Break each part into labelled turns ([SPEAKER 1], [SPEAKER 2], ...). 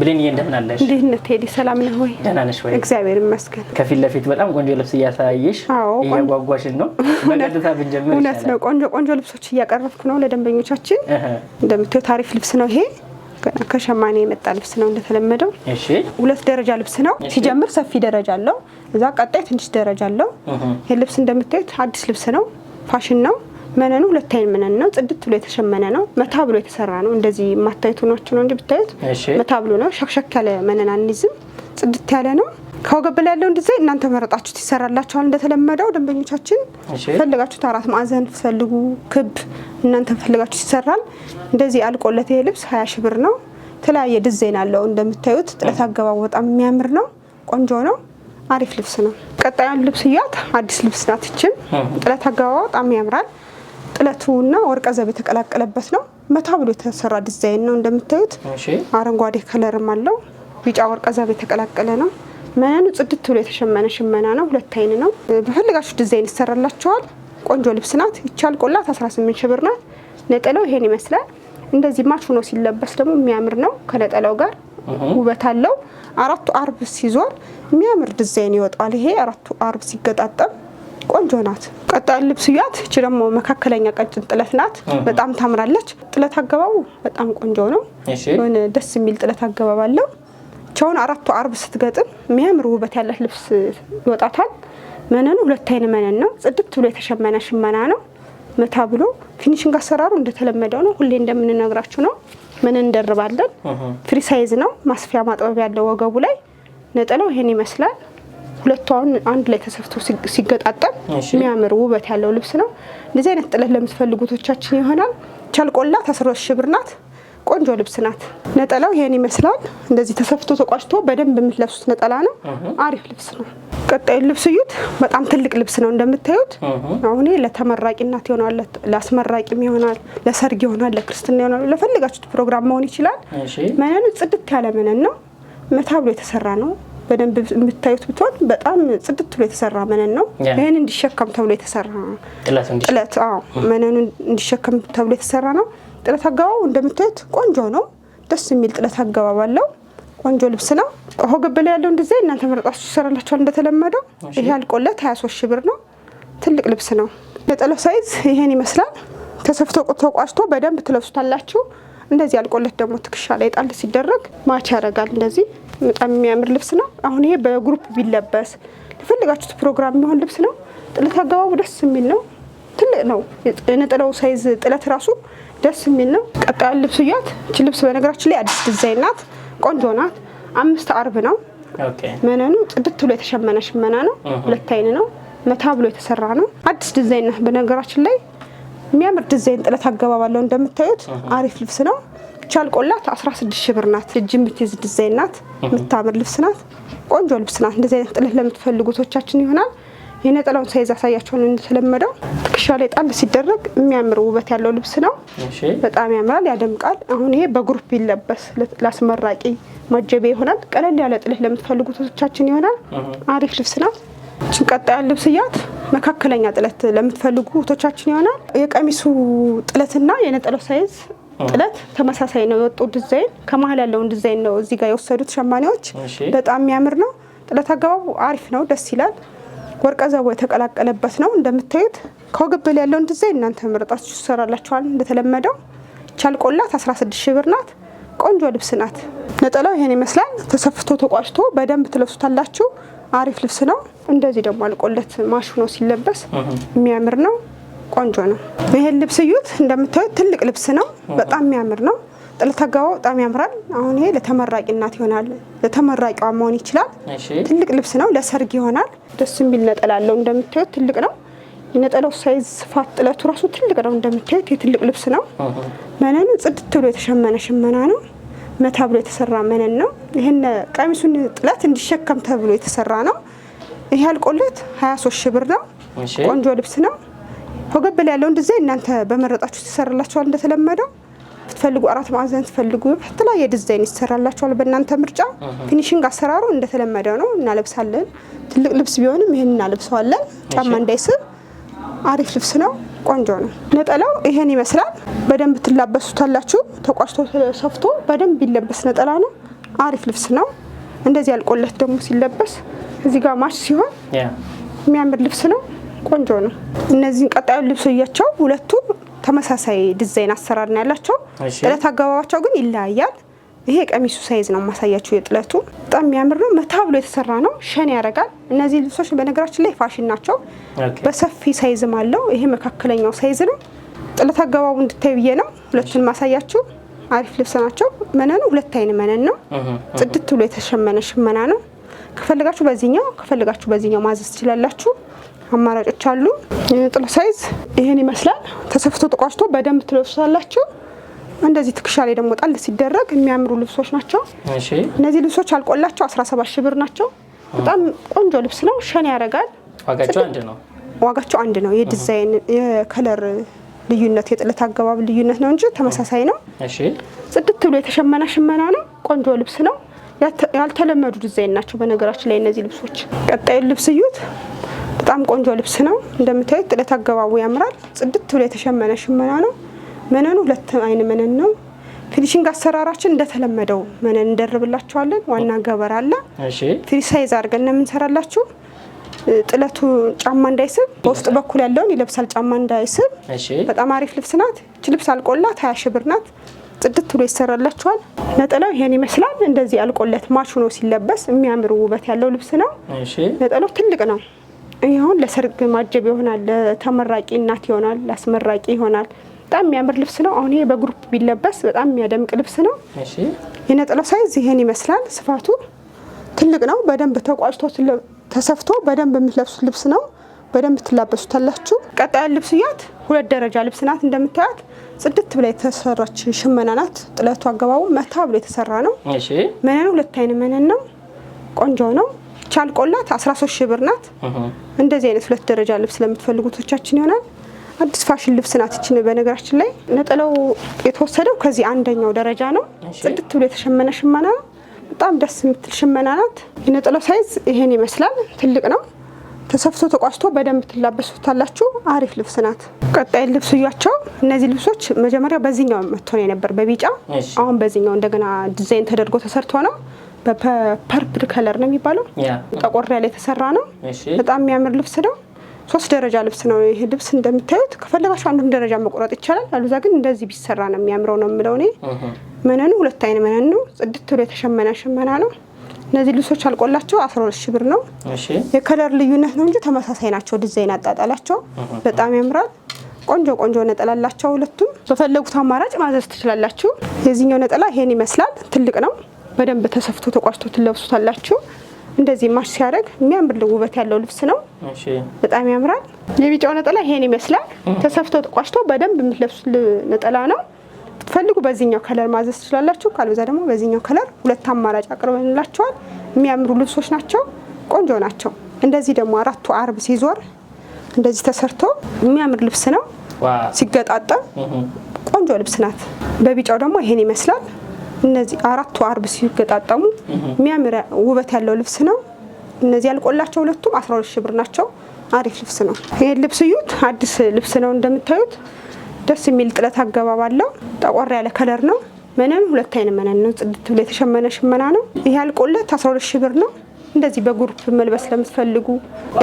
[SPEAKER 1] ብሌንዬ እንደምን አለሽ?
[SPEAKER 2] እንዴት ነህ ቴዲ? ሰላም ነህ ወይ? ደህና ነሽ ወይ? እግዚአብሔር ይመስገን።
[SPEAKER 1] ከፊት ለፊት በጣም ቆንጆ ልብስ እያሳየሽ እያጓጓሽን ነው። በቀጥታ ብንጀምር
[SPEAKER 2] እውነት ነው። ቆንጆ ቆንጆ ልብሶች እያቀረብኩ ነው ለደንበኞቻችን። እንደምታዩት ታሪፍ ልብስ ነው ይሄ ከሸማኔ የመጣ ልብስ ነው። እንደተለመደው ሁለት ደረጃ ልብስ ነው። ሲጀምር ሰፊ ደረጃ አለው፣ እዛ ቀጣይ ትንሽ ደረጃ አለው። ይህ ልብስ እንደምታዩት አዲስ ልብስ ነው፣ ፋሽን ነው። መነኑ ሁለት አይን መነን ነው። ጽድት ብሎ የተሸመነ ነው። መታ ብሎ የተሰራ ነው። እንደዚህ የማታዩት ሆናችሁ ነው እንጂ ብታዩት መታ ብሎ ነው። ሸክሸክ ያለ መነን አንይዝም። ጽድት ያለ ነው። ከወገብ ላይ ያለውን ዲዛይን እናንተ መረጣችሁት ይሰራላችኋል። እንደተለመደው ደንበኞቻችን ፈልጋችሁት አራት ማዕዘን ትፈልጉ ክብ እናንተ ፈልጋችሁት ይሰራል። እንደዚህ አልቆለት ይሄ ልብስ ሀያ ሺ ብር ነው። የተለያየ ዲዛይን አለው እንደምታዩት። ጥለት አገባቡ በጣም የሚያምር ነው። ቆንጆ ነው። አሪፍ ልብስ ነው። ቀጣዩን ልብስ እያት። አዲስ ልብስ ናት። ይችም ጥለት አገባቡ በጣም ያምራል። ጥለቱና ወርቀ ዘብ የተቀላቀለበት ነው። መታ ብሎ የተሰራ ዲዛይን ነው። እንደምታዩት አረንጓዴ ከለርም አለው። ቢጫ ወርቀ ዘብ የተቀላቀለ ነው። መነኑ ጽድት ብሎ የተሸመነ ሽመና ነው። ሁለት አይን ነው። በፈልጋችሁ ዲዛይን ይሰራላቸዋል። ቆንጆ ልብስ ናት። ይቻል ቆላት 18 ሺ ብር ናት። ነጠላው ይሄን ይመስላል። እንደዚህ ማች ሆኖ ሲለበስ ደግሞ የሚያምር ነው። ከነጠላው ጋር ውበት አለው። አራቱ አርብ ሲዞር የሚያምር ዲዛይን ይወጣል። ይሄ አራቱ አርብ ሲገጣጠም ቆንጆ ናት። ቀጣይ ልብስ እያት። እች ደግሞ መካከለኛ ቀጭን ጥለት ናት። በጣም ታምራለች። ጥለት አገባቡ በጣም ቆንጆ ነው። የሆነ ደስ የሚል ጥለት አገባብ አለው። ቸውን አራቱ አርብ ስትገጥም የሚያምር ውበት ያላት ልብስ ይወጣታል። መነኑ ሁለት አይን መነን ነው። ጽድት ብሎ የተሸመነ ሽመና ነው። መታ ብሎ ፊኒሽንግ አሰራሩ እንደተለመደው ነው። ሁሌ እንደምንነግራችሁ ነው። መነን እንደርባለን። ፍሪ ሳይዝ ነው። ማስፊያ ማጥበብ ያለው ወገቡ ላይ ነጠለው ይሄን ይመስላል። ሁለቱ አሁን አንድ ላይ ተሰፍቶ ሲገጣጠም የሚያምር ውበት ያለው ልብስ ነው። እንደዚህ አይነት ጥለት ለምትፈልጉቶቻችን ይሆናል። ቻልቆላ ተስሮት ሽብር ናት። ቆንጆ ልብስ ናት። ነጠላው ይሄን ይመስላል። እንደዚህ ተሰፍቶ ተቋጭቶ በደንብ የምትለብሱት ነጠላ ነው። አሪፍ ልብስ ነው። ቀጣዩን ልብስ እዩት። በጣም ትልቅ ልብስ ነው እንደምታዩት። አሁን ለተመራቂነት ይሆናል፣ ለአስመራቂም ይሆናል፣ ለሰርግ ይሆናል፣ ለክርስትና ይሆናል፣ ለፈልጋችሁት ፕሮግራም መሆን ይችላል። መነኑ ጽድት ያለ መነን ነው። መታ ብሎ የተሰራ ነው። በደንብ የምታዩት ብትሆን በጣም ጽድት ብሎ የተሰራ መነን ነው። ይህን እንዲሸከም ተብሎ የተሰራ ጥለት፣ መነኑ እንዲሸከም ተብሎ የተሰራ ነው። ጥለት አገባቡ እንደምታዩት ቆንጆ ነው። ደስ የሚል ጥለት አገባብ አለው። ቆንጆ ልብስ ነው። ሆ ላይ ያለው እንደዚያ እናንተ መረጣችሁ ይሰራላችኋል እንደተለመደው። ይሄ አልቆለት 23 ሺ ብር ነው። ትልቅ ልብስ ነው። የጠለው ሳይዝ ይሄን ይመስላል። ተሰፍቶ ተቋጭቶ በደንብ ትለብሱታላችሁ። እንደዚህ አልቆለት ደግሞ ትከሻ ላይ ጣል ሲደረግ ማች ያደርጋል እንደዚህ በጣም የሚያምር ልብስ ነው። አሁን ይሄ በግሩፕ ቢለበስ ለፈልጋችሁት ፕሮግራም የሚሆን ልብስ ነው። ጥለት አገባቡ ደስ የሚል ነው። ትልቅ ነው የነጠላው ሳይዝ ጥለት ራሱ ደስ የሚል ነው። ቀጣዩን ልብስ እያት። እች ልብስ በነገራችን ላይ አዲስ ዲዛይን ናት። ቆንጆ ናት። አምስት አርብ ነው መነኑ። ጽድት ብሎ የተሸመነ ሽመና ነው። ሁለት አይን ነው። መታ ብሎ የተሰራ ነው። አዲስ ዲዛይን ናት። በነገራችን ላይ የሚያምር ዲዛይን ጥለት አገባባለው። እንደምታዩት አሪፍ ልብስ ነው። ብቻ አልቆላት 16 ሺህ ብር ናት። እጅ የምትይዝ ዲዛይን ናት። የምታምር ልብስ ናት። ቆንጆ ልብስ ናት። እንደዚህ አይነት ጥለት ለምትፈልጉ ቶቻችን ይሆናል። የነጠላውን ሳይዝ አሳያቸውን እንደተለመደው ትከሻ ላይ ጣል ሲደረግ የሚያምር ውበት ያለው ልብስ ነው። በጣም ያምራል፣ ያደምቃል። አሁን ይሄ በግሩፕ ቢለበስ ላስመራቂ ማጀቢያ ይሆናል። ቀለል ያለ ጥለት ለምትፈልጉ ቶቻችን ይሆናል። አሪፍ ልብስ ናት። ያለ ልብስ እያት። መካከለኛ ጥለት ለምትፈልጉ ቶቻችን ይሆናል። የቀሚሱ ጥለትና የነጠላው ሳይዝ ጥለት ተመሳሳይ ነው የወጡ ዲዛይን ከመሀል ያለውን ዲዛይን ነው እዚህ ጋር የወሰዱት ሸማኔዎች። በጣም የሚያምር ነው። ጥለት አገባቡ አሪፍ ነው፣ ደስ ይላል። ወርቀ ዘቦ የተቀላቀለበት ነው። እንደምታዩት ከወገብ ያለውን ዲዛይን እናንተ መረጣችሁ ትሰራላችኋል። እንደተለመደው ቻልቆላት 16 ሺህ ብር ናት። ቆንጆ ልብስ ናት። ነጠላው ይሄን ይመስላል። ተሰፍቶ ተቋጭቶ በደንብ ትለብሱታላችሁ። አሪፍ ልብስ ነው። እንደዚህ ደግሞ አልቆለት ማሹ ነው ሲለበስ የሚያምር ነው። ቆንጆ ነው። ይሄን ልብስ እዩት። እንደምታዩት ትልቅ ልብስ ነው። በጣም የሚያምር ነው። ጥልተጋባው በጣም ያምራል። አሁን ይሄ ለተመራቂ እናት ይሆናል። ለተመራቂዋ መሆን ይችላል። ትልቅ ልብስ ነው። ለሰርግ ይሆናል። ደስ የሚል ነጠላ አለው። እንደምታዩት ትልቅ ነው። የነጠላው ሳይዝ ስፋት፣ ጥለቱ ራሱ ትልቅ ነው። እንደምታዩት የትልቅ ልብስ ነው። መነኑ ጽድት ብሎ የተሸመነ ሽመና ነው። መታ ብሎ የተሰራ መነን ነው። ይህን ቀሚሱን ጥለት እንዲሸከም ተብሎ የተሰራ ነው። ይህ ያልቆለት 23 ሺ ብር ነው። ቆንጆ ልብስ ነው። ላይ ያለውን ዲዛይን እናንተ በመረጣችሁ ይሰራላችኋል። እንደተለመደው ብትፈልጉ አራት ማዕዘን ትፈልጉ የተለያየ ዲዛይን ይሰራላችኋል በእናንተ ምርጫ። ፊኒሽንግ አሰራሩ እንደተለመደው ነው፣ እናለብሳለን። ትልቅ ልብስ ቢሆንም ይህን እናለብሰዋለን፣ ጫማ እንዳይስብ። አሪፍ ልብስ ነው፣ ቆንጆ ነው። ነጠላው ይሄን ይመስላል። በደንብ ትላበሱታላችሁ። ተቋጭቶ ሰፍቶ በደንብ ይለበስ ነጠላ ነው። አሪፍ ልብስ ነው። እንደዚህ ያልቆለት ደግሞ ሲለበስ እዚህ ጋር ማች ሲሆን የሚያምር ልብስ ነው። ቆንጆ ነው። እነዚህን ቀጣዩን ልብሶያቸው ሁለቱም ተመሳሳይ ዲዛይን አሰራር ነው ያላቸው። ጥለት አገባባቸው ግን ይለያያል። ይሄ ቀሚሱ ሳይዝ ነው ማሳያችሁ የጥለቱ በጣም የሚያምር ነው። መታ ብሎ የተሰራ ነው። ሸን ያደርጋል። እነዚህ ልብሶች በነገራችን ላይ ፋሽን ናቸው። በሰፊ ሳይዝም አለው። ይሄ መካከለኛው ሳይዝ ነው። ጥለት አገባቡ እንድታይ ብዬ ነው ሁለቱን ማሳያችሁ። አሪፍ ልብስ ናቸው። መነኑ ሁለት አይን መነን ነው። ጽድት ብሎ የተሸመነ ሽመና ነው። ከፈልጋችሁ በዚህኛው ከፈልጋችሁ በዚህኛው ማዘዝ ትችላላችሁ። አማራጮች አሉ። ጥሎ ሳይዝ ይሄን ይመስላል። ተሰፍቶ ተቋጭቶ በደንብ ትለብሳላችሁ። እንደዚህ ትከሻ ላይ ደግሞ ጣል ሲደረግ የሚያምሩ ልብሶች ናቸው። እነዚህ ልብሶች አልቆላቸው 17 ሺህ ብር ናቸው። በጣም ቆንጆ ልብስ ነው። ሸን ያደርጋል።
[SPEAKER 1] ዋጋቸው አንድ ነው።
[SPEAKER 2] ዋጋቸው አንድ ነው። የዲዛይን የከለር ልዩነት የጥለት አገባብ ልዩነት ነው እንጂ ተመሳሳይ ነው። ጽድት ብሎ የተሸመና ሽመና ነው። ቆንጆ ልብስ ነው። ያልተለመዱ ዲዛይን ናቸው። በነገራችን ላይ እነዚህ ልብሶች ቀጣዩን ልብስ እዩት። በጣም ቆንጆ ልብስ ነው። እንደምታዩት ጥለት አገባቡ ያምራል። ጽድት ብሎ የተሸመነ ሽመና ነው። መነኑ ሁለት አይን መነን ነው። ፊኒሽንግ አሰራራችን እንደተለመደው መነን እንደርብላችኋለን። ዋና ገበር አለ። ፍሪ ሳይዝ አድርገን ነው የምንሰራላችሁ። ጥለቱ ጫማ እንዳይስብ በውስጥ በኩል ያለውን ይለብሳል። ጫማ እንዳይስብ በጣም አሪፍ ልብስ ናት። እች ልብስ አልቆላት ሀያ ሺህ ብር ናት። ጽድት ብሎ ይሰራላችኋል። ነጠላው ይሄን ይመስላል። እንደዚህ አልቆለት ማሽኖ ሲለበስ የሚያምር ውበት ያለው ልብስ ነው። ነጠላው ትልቅ ነው። ይሁን ለሰርግ ማጀብ ይሆናል፣ ለተመራቂ እናት ይሆናል፣ ለአስመራቂ ይሆናል። በጣም የሚያምር ልብስ ነው። አሁን ይሄ በግሩፕ ቢለበስ በጣም የሚያደምቅ ልብስ ነው። የነጠላው ሳይዝ ይሄን ይመስላል። ስፋቱ ትልቅ ነው። በደንብ ተቋጭቶ ተሰፍቶ በደንብ የምትለብሱት ልብስ ነው። በደንብ ትላበሱታላችሁ። ቀጣይ ልብስ እያት ሁለት ደረጃ ልብስ ናት። እንደምታያት ጽድት ብላ የተሰራች ሽመና ናት። ጥለቱ አገባቡ መታ ብሎ የተሰራ ነው። መነን ሁለት አይነት መነን ነው። ቆንጆ ነው። ቻልቆላት 13 ሺህ ብር ናት። እንደዚህ አይነት ሁለት ደረጃ ልብስ ለምትፈልጉቶቻችን ይሆናል። አዲስ ፋሽን ልብስ ናት። ይችን በነገራችን ላይ ነጠላው የተወሰደው ከዚህ አንደኛው ደረጃ ነው። ጽድት ብሎ የተሸመነ ሽመና ነው። በጣም ደስ የምትል ሽመና ናት። የነጠላው ሳይዝ ይሄን ይመስላል። ትልቅ ነው። ተሰፍቶ ተቋስቶ በደንብ ትላበሱታላችሁ። አሪፍ ልብስ ናት። ቀጣይ ልብስ እያቸው። እነዚህ ልብሶች መጀመሪያ በዚህኛው መጥቶ ነው የነበር በቢጫ አሁን በዚህኛው እንደገና ዲዛይን ተደርጎ ተሰርቶ ነው በፐርፕል ከለር ነው የሚባለው። ጠቆር ያለ የተሰራ ነው። በጣም የሚያምር ልብስ ነው። ሶስት ደረጃ ልብስ ነው ይህ ልብስ እንደምታዩት። ከፈለጋችሁ አንዱም ደረጃ መቁረጥ ይቻላል። አሉዛ ግን እንደዚህ ቢሰራ ነው የሚያምረው ነው የምለው እኔ። መነኑ ሁለት አይነት መነን ነው። ጽድት ብሎ የተሸመነ ሽመና ነው። እነዚህ ልብሶች አልቆላቸው አስራ ሁለት ሺህ ብር ነው። የከለር ልዩነት ነው እንጂ ተመሳሳይ ናቸው። ዲዛይን አጣጣላቸው በጣም ያምራል። ቆንጆ ቆንጆ ነጠላ አላቸው ሁለቱም። በፈለጉት አማራጭ ማዘዝ ትችላላችሁ። የዚህኛው ነጠላ ይሄን ይመስላል። ትልቅ ነው። በደንብ ተሰፍቶ ተቋጭቶ ትለብሱታላችሁ። እንደዚህ ማሽ ሲያደርግ የሚያምር ውበት ያለው ልብስ ነው። በጣም ያምራል። የቢጫው ነጠላ ይሄን ይመስላል። ተሰፍቶ ተቋጭቶ በደንብ የምትለብሱት ነጠላ ነው። ፈልጉ በዚህኛው ከለር ማዘዝ ትችላላችሁ። ካልበዛ ደግሞ በዚህኛው ከለር ሁለት አማራጭ አቅርበንላቸዋል። የሚያምሩ ልብሶች ናቸው፣ ቆንጆ ናቸው። እንደዚህ ደግሞ አራቱ አርብ ሲዞር እንደዚህ ተሰርቶ የሚያምር ልብስ ነው። ሲገጣጠም ቆንጆ ልብስ ናት። በቢጫው ደግሞ ይሄን ይመስላል። እነዚህ አራቱ አርብ ሲገጣጠሙ የሚያምር ውበት ያለው ልብስ ነው። እነዚህ ያልቆላቸው ሁለቱም 12 ሺህ ብር ናቸው። አሪፍ ልብስ ነው። ይሄን ልብስ እዩት። አዲስ ልብስ ነው እንደምታዩት። ደስ የሚል ጥለት አገባብ አለው። ጠቆር ያለ ከለር ነው። መነን ሁለት አይነት መነን ነው። ጽድት ብሎ የተሸመነ ሽመና ነው። ይሄ ያልቆለት 12 ሺህ ብር ነው። እንደዚህ በግሩፕ መልበስ ለምትፈልጉ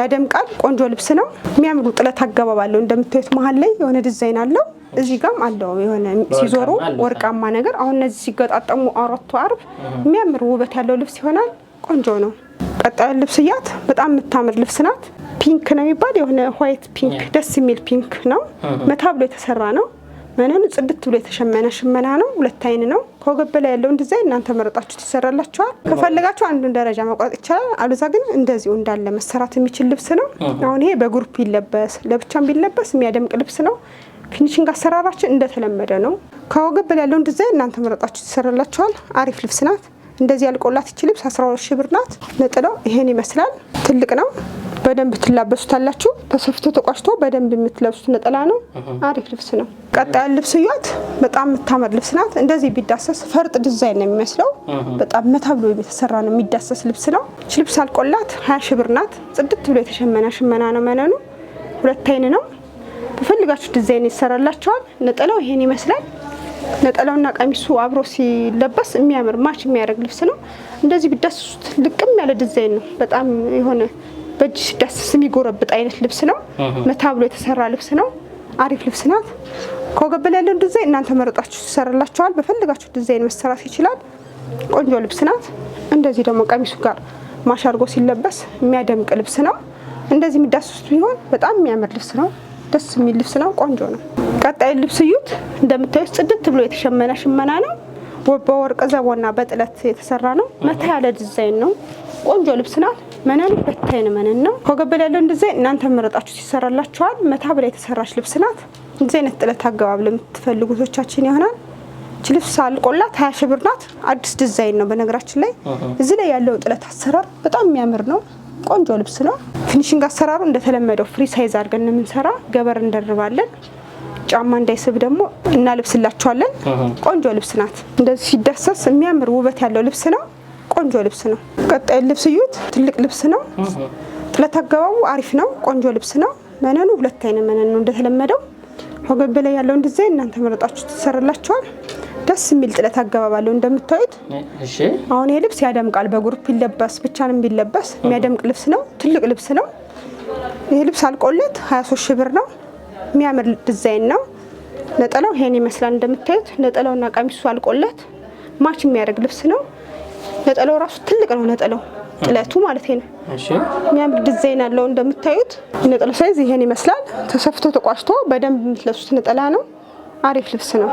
[SPEAKER 2] ያደምቃል። ቆንጆ ልብስ ነው። የሚያምሩ ጥለት አገባብ አለው። እንደምታዩት መሀል ላይ የሆነ ዲዛይን አለው። እዚህ ጋም አለው የሆነ ሲዞሩ ወርቃማ ነገር። አሁን እነዚህ ሲገጣጠሙ አራቱ አርብ የሚያምር ውበት ያለው ልብስ ይሆናል። ቆንጆ ነው። ቀጣዩ ልብስ እያት፣ በጣም የምታምር ልብስ ናት። ፒንክ ነው የሚባል የሆነ ዋይት ፒንክ፣ ደስ የሚል ፒንክ ነው። uh-huh. መታ ብሎ የተሰራ ነው። መነኑ ጽድት ብሎ የተሸመነ ሽመና ነው። ሁለት አይን ነው። ከወገብ በላይ ያለውን ዲዛይን እናንተ መረጣችሁት ይሰራላችኋል። uh-huh. ከፈለጋችሁ አንዱን ደረጃ መቁረጥ ይቻላል። አሉዛ ግን እንደዚሁ እንዳለ መሰራት የሚችል ልብስ ነው። uh-huh. አሁን ይሄ በግሩፕ ቢለበስ ለብቻም ቢለበስ የሚያደምቅ ልብስ ነው። ፊኒሽንግ አሰራራችን እንደተለመደ ነው። ከወገብ በላይ ያለውን ዲዛይን እናንተ መረጣችሁ ይሰራላችኋል። አሪፍ ልብስ ናት። እንደዚህ ያልቆላት ይቺ ልብስ 12 ሺህ ብር ናት። ነጥለው ይሄን ይመስላል። ትልቅ ነው። በደንብ ትላበሱታላችሁ። ተሰፍቶ ተቋጭቶ በደንብ የምትለብሱት ነጠላ ነው። አሪፍ ልብስ ነው። ቀጣያን ልብስ እያት። በጣም የምታምር ልብስ ናት። እንደዚህ ቢዳሰስ ፈርጥ ዲዛይን ነው የሚመስለው። በጣም መታ ብሎ የተሰራ ነው። የሚዳሰስ ልብስ ነው። ልብስ አልቆላት ሀያ ሺህ ብር ናት። ጽድት ብሎ የተሸመነ ሽመና ነው መነኑ። ሁለት አይን ነው በፈልጋችሁ ዲዛይን ይሰራላችኋል። ነጠላው ይሄን ይመስላል። ነጠላውና ቀሚሱ አብሮ ሲለበስ የሚያምር ማች የሚያደርግ ልብስ ነው። እንደዚህ ቢዳስሱት ልቅም ያለ ዲዛይን ነው። በጣም የሆነ በእጅ ሲዳስስ የሚጎረብጥ አይነት ልብስ ነው። መታ ብሎ የተሰራ ልብስ ነው። አሪፍ ልብስ ናት። ከወገብ ላይ ያለውን ዲዛይን እናንተ መረጣችሁ ይሰራላችኋል። በፈልጋችሁ ዲዛይን መሰራት ይችላል። ቆንጆ ልብስ ናት። እንደዚህ ደግሞ ቀሚሱ ጋር ማሽ አድርጎ ሲለበስ የሚያደምቅ ልብስ ነው። እንደዚህ የሚዳስሱት ቢሆን በጣም የሚያምር ልብስ ነው። ደስ የሚል ልብስ ነው። ቆንጆ ነው። ቀጣይ ልብስ እዩት። እንደምታዩት ጽድት ብሎ የተሸመነ ሽመና ነው። በወርቅ ዘቦና በጥለት የተሰራ ነው። መታ ያለ ዲዛይን ነው። ቆንጆ ልብስ ናት። መነን በታይን መነን ነው። ኮገበል ያለውን ዲዛይን እናንተ መረጣችሁ ይሰራላችኋል። መታ ብላ የተሰራች ልብስ ናት። እንደዚህ አይነት ጥለት አገባብ ለምትፈልጉ ቶቻችን ይሆናል። ች ልብስ አልቆላት ሀያ ብር ናት። አዲስ ዲዛይን ነው። በነገራችን ላይ እዚህ ላይ ያለው ጥለት አሰራር በጣም የሚያምር ነው። ቆንጆ ልብስ ነው። ፊኒሽንግ አሰራሩ እንደተለመደው ፍሪ ሳይዝ አድርገን ነው የምንሰራ። ገበር እንደርባለን። ጫማ እንዳይስብ ደግሞ እናልብስላቸዋለን። ቆንጆ ልብስ ናት። እንደዚህ ሲዳሰስ የሚያምር ውበት ያለው ልብስ ነው። ቆንጆ ልብስ ነው። ቀጣይ ልብስ እዩት። ትልቅ ልብስ ነው። ጥለት አገባቡ አሪፍ ነው። ቆንጆ ልብስ ነው። መነኑ ሁለት አይነት መነን ነው እንደተለመደው። ወገብ ላይ ያለውን ዲዛይን እናንተ መረጣችሁ ትሰራላችኋል። ደስ የሚል ጥለት አገባብ አለው እንደምታዩት። አሁን ይሄ ልብስ ያደምቃል። በግሩፕ ይለበስ ብቻ ነው የሚለበስ። የሚያደምቅ ልብስ ነው። ትልቅ ልብስ ነው። ይህ ልብስ አልቆለት 23 ሺህ ብር ነው። የሚያምር ዲዛይን ነው። ነጠላው ይሄን ይመስላል እንደምታዩት። ነጠላውና ቀሚሱ አልቆለት ማች የሚያደርግ ልብስ ነው። ነጠላው ራሱ ትልቅ ነው። ነጠላው ጥለቱ ማለት ነው። የሚያምር ዲዛይን አለው እንደምታዩት። ነጠላው ሳይዝ ይሄን ይመስላል። ተሰፍቶ ተቋጭቶ በደንብ የምትለብሱት ነጠላ ነው። አሪፍ ልብስ ነው።